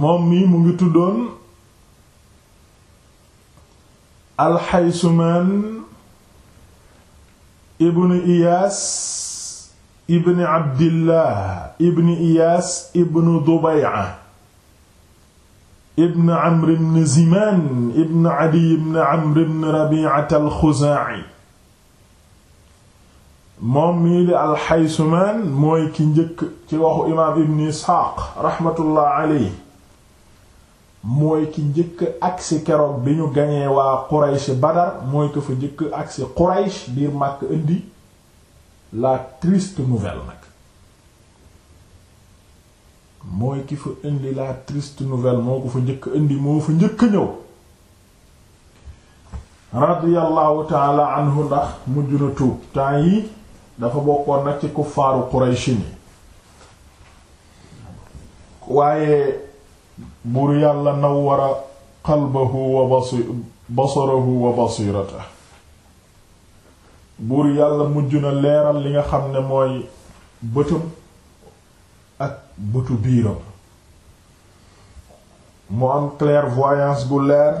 moom mii mu ngi tuddoon alxaysumaan ibni iyaas ibni abdillah ibni iyaas ibnu dubay'a ibn amr ibn zimaan ibn adiy ibn amr ibn rabi'at alxuzaa'i moom mii di alxaysumaan mooy ki njëkk ci waxu imaam ibn isxaaq raxmatullah alayhi mooy ki njëkk agsi keroog bi ñu gañee waa Quraysh Badar mooy ko fa njëkk agsi Quraysh biir màkk indi la triste nouvelle nag mooy ki fa indi la triste nouvelle moo ko fa njëkk indi moo fa njëkk ñëw radiyallahu taala anhu ndax mujj na tuub temps yi dafa bokkoon nag ci kuffaaru Quraysh ni waaye buur yàlla nawwara qalbahu wa basi basarahu wa basirata buur yàlla mujj na leeral li nga xam ne mooy bëtam ak bëtu biiram mu am clairvoyance bu leer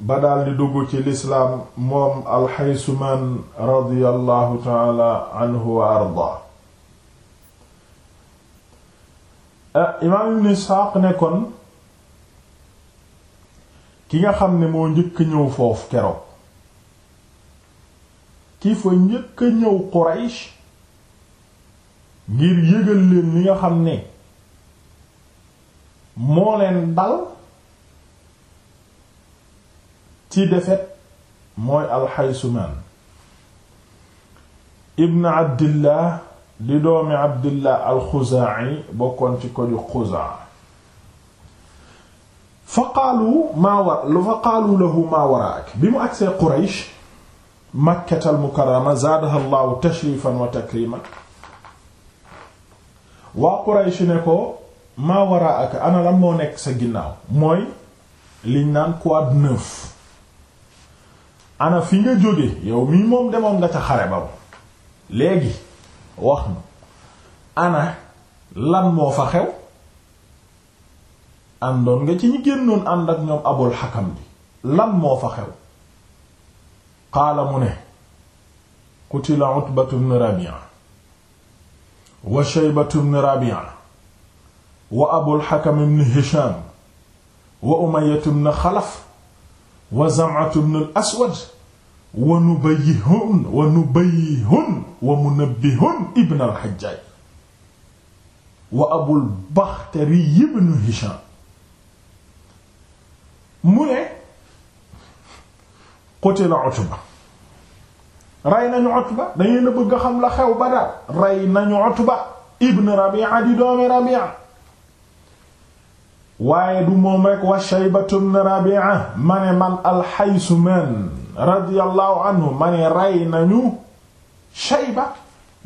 ba daldi dugg ci lislaam moom alxaysumaan radiyallahu taala anhu Ah, imaam ibn Isxaaq nekkoon ki nga xam ne moo njëkk ñëw foofu keroog ki fa njëkk ñëw Quraysh ngir yëgal leen li nga xam ne moo leen dal ci defet mooy alxaysumaan ibn abdillah di doomi abdillah alxuzaa'i bokkoon ci koju xuzaa fa qaalu maa war fa qaalu lahu maa waraak bi mu agsee quraysh makkata almukarrama zaadaha llahu tashrifan wa takriman waa quraysh ne ko maa waraaka ana lan moo nekk sa ginnaaw mooy liñ naan quad neuf ana fi nga jóge yow mii moom demoon nga ca xare ba léegi wax na ana lan moo fa xew àndoon nga ci ñi génnoon ànd ak ñoom abul xakam bi lan moo fa xew qaala mu ne qutila utbatu bnu rabia wa shaybatu bnu rabia wa abul xakam bnu hisham wa umayatu bnu xalaf wa zam'atu bnu aswad wa nubayyihun wa nubayyihun wa munabbihun ibn al-Hajjaj wa Abul Bakhtari ibn Hisham mu ne qutila Utba rey nañu Utba dangeen a bëgg xam la xew ba daal rey nañu Utba ibn Rabi'a di doomi Rabi'a waaye du moom rek wa Shaybatu ibn Rabi'a ma ne man al-Haysuman radiyallahu anhu ma ne rey nañu Shayba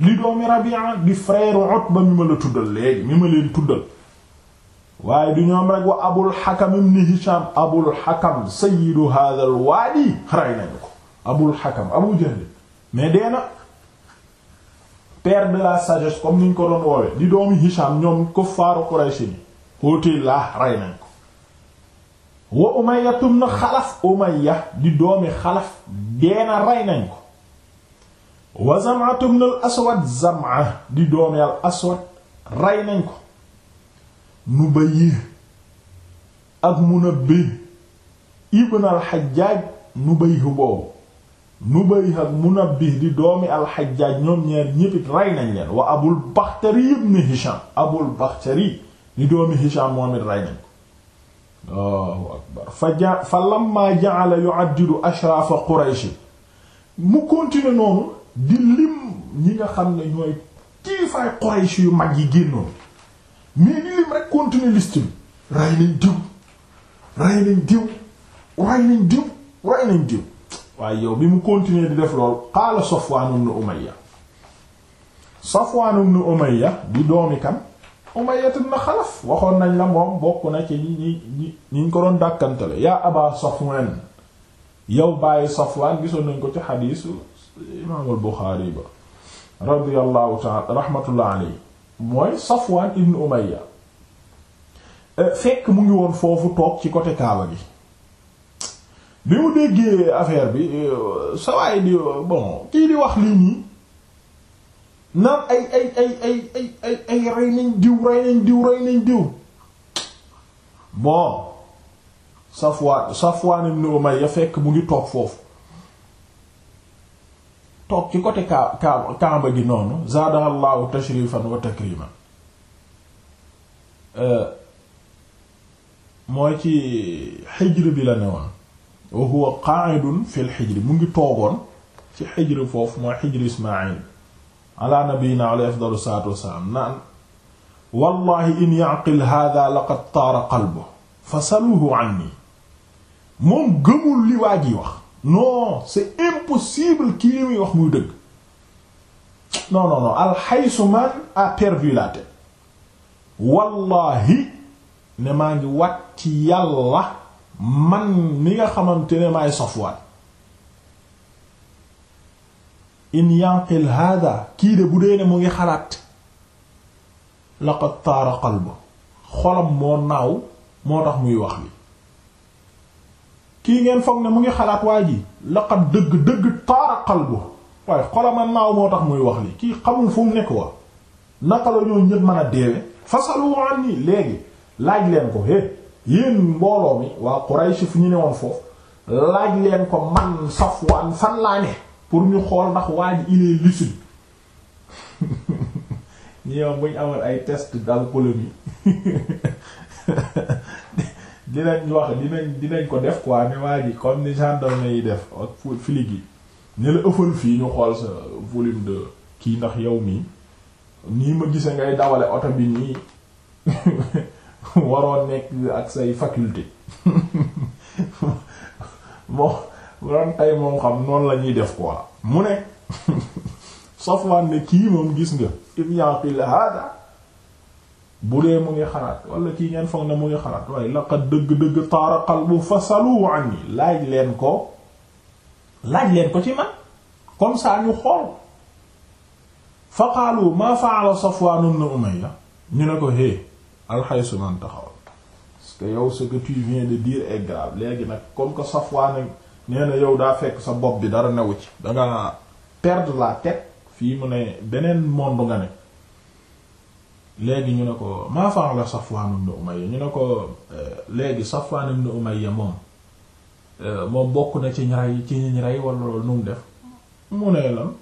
li doomi Rabi'a di frère Utba mi ma la tuddal léegi mi ma leen tuddal waaye du ñoom rek wa Abul Hakam ibn Hisham Abul Hakam sayyidu hadha al wadi rey nañu ko Abul Hakam Abu Jahl mais dee na père de la sagesse comme niñ ko doon woowe di doomi Hisham ñoom kuffaaru Quraysh ni xóote laa rey nañu wa Umayya tum na xalaf Umayya di doomi xalaf deena rey nañ ko wa Zam'a tum na aswad Zam'a di doomi al aswad rey nañ ko Nubayy ak Munabbih ibn al Hajjaj Nubayh boobu Nubayh ak Munabbih di doomi al Hajjaj ñoom ñeer ñéppit rey nañ leen wa Abul Bakhtari ibn Hisham Abul Bakhtari di doomi Hisham moom it rey nañ ko Allahu akbar fa ja fa lamma ja'ala yu'addidu ashraafa Quraysh mu continuer noonu di lim ñi nga xam ne ñooy kilifaay Quraysh yu mag yi génnoon mais di lim rek continuer liste ray nañ diw ray nañ diw ray nañ diw ray nañ diw waaye yow bi mu continuer di def lool qaala Safwaan ibn Umayya Safwaan ibn Umayya di doomi kan Umayyah ibn Xalaf waxoon nañ la moom bokk na ci ñi ñi ñi ñu ko doon dàkkantale yaa Aba Safwan yow bàyyi Safwan gisoon nañ ko ci xadiisu imaamul Buxaari ba radiyallahu ta'ala rahmatullah alayhi mooy Safwan ibn Umayyah eh, fekk mu ngi woon foofu toog ci côté Kaaba gi bi mu déggee affaire bi eh, sawaay di bon kii di wax lii nii naan ay ay ay ay ay ay ay rey nañ diw rey nañ diw rey nañ diw bon Safwaan Safwaan ibn Umayya fekk mu ngi toog foofu toog ci côté ka ka gi noonu zaadaha Allahu tashrifan wa takriman euh, mooy ci xijr bi la newoon wa huwa qa'idun fil xijr mu ngi toogoon ci xijr foofu mooy xijr Ismaayil ala nabiyina alayhi afdalu salaatu wassalaam naan wallahi in yaqil hada laqad taara qalbu fasaluhu anni moom gëmul li waa ji wax non c'est impossible kii li muy wax muy dëgg non non non alxaysu man a perdu la tête wallahi ne maa ngi wat ci yàlla man mi nga xamante ne maay safwaan in yanqil hada kii de bu dee ne mu ngi xalaat laqad taara qalbu xolam moo naaw moo tax muy wax li kii ngeen foog ne mu ngi xalaat waa ji laqad dëgg dëgg taara qalbu waaye xolam a naaw moo tax muy wax li kii xamul fu mu nekk wa naka la ñoo ñëpp mën a deewe fasalu an léegi laaj leen ko é yéen mbooloo mi waa Quraysh fu ñu ne woon foofu laaj leen ko man Safwan fan laa ne pour ñu xool ndax waa ji il est lucide ñoom bu ñu amoon ay test d'alcoolémie dinañ wax dinañ dinañ ko def quoi mais waa ji comme ni gendarme yi def ak flic yi ne la ëffal fii ñu xool sa volume de kii ndax yow mii nii ma gisee ngay dawale oto bi nii waroon nekk ak say faculté naan ay moom noonu la ñuy def quoi mu ne Safwan ne moom gis nga in yaqil dee mu ngi xalaat wala kii ngeen foog ne mu xalaat waaye laqad dëgg-dëgg taara qalbu fasalu anni laaj leen ko laaj leen ko ci man comme ça ñu xool fa qaalu ma fa'ala Safwan ibn Umayya ñu ne ko hé alxaysu man taxawal parce que yow ce que tu viens de dire est grave léegi nag comme que Safwan nee na yow daa fekk sa bopp bi dara newu ci danga nga perdre la tête fii mu ne beneen monde nga ne léegi ñu ne ko maa la Safwan ibn Umayya ñu ne ko euh, léegi Safwan ibn Umayya moom euh, moom bokk na ci ñaray ci ñi rey wala loolu nu mu def mu ne lan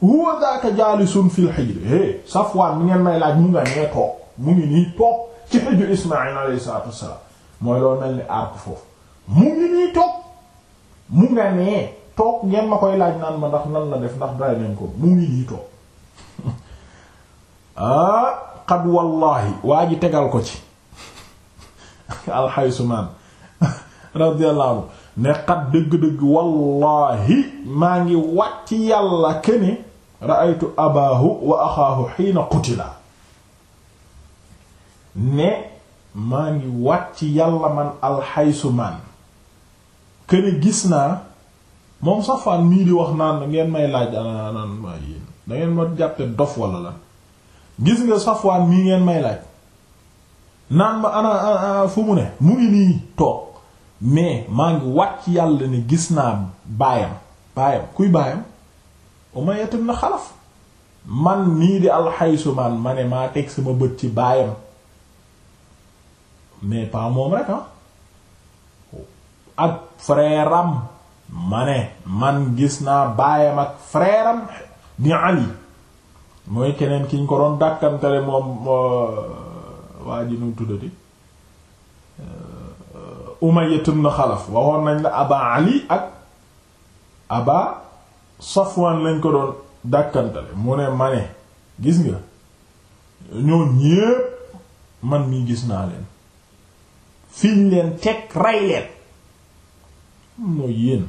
huwa daaka jaalisun fil hijr é Safwan mi ngeen may laaj mu nga nee toog mu ngi nii toog ci xëju Ismaïl alayhi salaatu wassalaam mooy loolu mel ni arc foofu mu ngi nii toog mu nga nee toog ngeen ma koy laaj naan ma ndax nan la def ndax bàyyi nañ ko mu ngi nii toog ah waa ji tegal ko ci alxaysumaan radiyallahu anhu ne xat dëgg-dëgg wallahi maa ngi wàcc yàlla kene ra'aytu abaahu wa axaahu xiina qutila ne maa ngi wàcc yàlla man alxaysumaan kër këni gis naa moom Safwaan mii di wax naan ngeen may laaj naan ma yéen da ngeen ma jàppe dof wala la gis nga Safwaan mii ngeen may laaj naan ma ana fu mu ne mu ngi nii toog mais maa ngi wàcc yàlla ni gis naa baayam baayam kuy baayam Umayya ibn Xalaf man mii di alxaysumaan ma ne maa teg sama bët ci baayam mais pas moom rek ah. ak frère am man gis naa baayam ak frère am di Ali mooy keneen kiñ ko doon dàkkantale moom euh, waa ji nu tuddati euh, Umayya ibn Xalaf waxoon nañ la Aba Ali ak Aba Safwan lañ ko doon dàkkantale mu ne ma gis nga ñoo ñépp man mi gis naa leen fiñ leen teg rey leen mooy yéen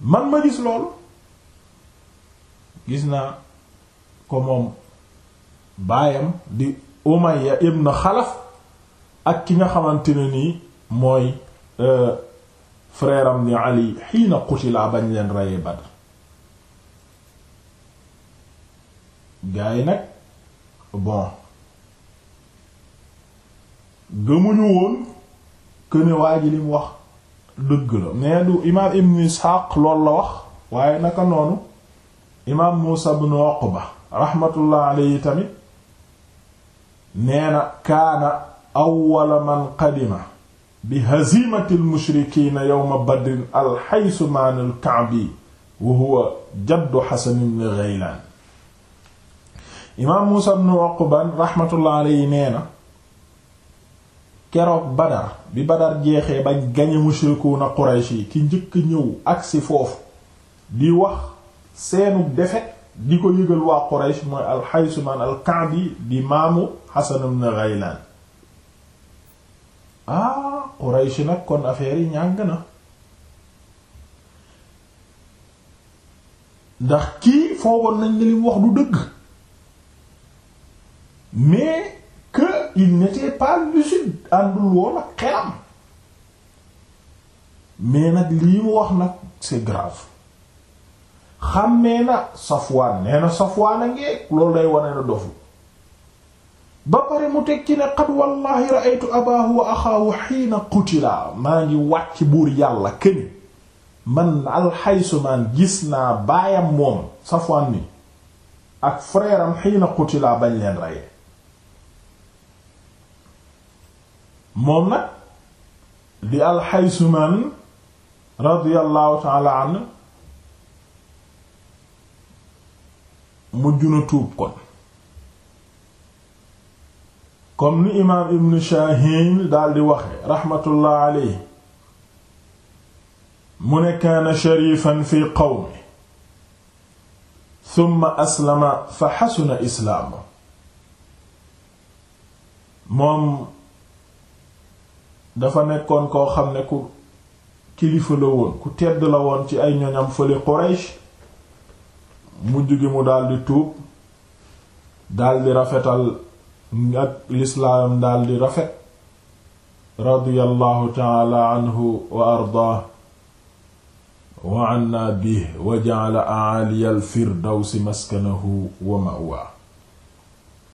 man ma gis loolu gis naa ko moom baayam di Umayya ibn Xalaf ak ki nga xamante ne nii mooy euh, frère am ni Ali xiina qutila bañ leen reyee Badr gaa yi bon gëmuñu woon que ne wax dëgg la mais du imaam ibn Isxaaq loolu la wax waaye naka noonu imaam Muusa ibn Uqba rahmatullah alayhi tamit nee na kaana awwala man qadima bi hazimatil mushrikiina yawma badrin al-Haysumaan al-Ka'bi wa huwa jaddu Hasan ibn Ghaylaan imaam Muusa ibn Uqba rahmatullah alayhi nee na keroog Badar bi Badar jeexee ba gañe mushrikuuna Quraysh yi ki njëkk ñëw agsi foofu di wax seenu defet di ko yëgal waa Quraysh mooy al-Haysumaan al-Ka'bi di maamu Hasan ibn Ghaylaan ah Quraysh nag kon affaire yi ñàng na ndax kii foogoon nañ ne wax du dëgg mais il n'était pas lucide àndul woon ak xelam mais nag lii mu wax nag c'est grave xàmmee na Safwaan nee na Safwaan a ngeeg loolu day wane na dofu ba pare mu teg ci ne qad wallahi ra'aytu abaahu wa axaahu xiina qutilaa maa ngi wàcc buur yàlla këni man alxaysumaan gis naa baayam moom Safwaan ni ak frère xiina qutilaa bañ leen reye moom nag di alxaysumaan radiyallahu taala an mujj na tuub kon comme ni imaam ibn Shaahin daldi waxe raxmatullah alayhi mu ne kaana sharifan fi qawmi summa aslama fa xasuna islaamu moom dafa nekkoon koo xam ne ku kilifa la woon ku tedd la woon ci ay ñoñam fële Quraysh mujj gi mu daldi tuub daldi rafetal ak lislaamam daldi rafet radiyallahu taala anhu wa ardaah wa anna bih wa ja'ala a'aliyal firdawsi maskanahu wa ma'waa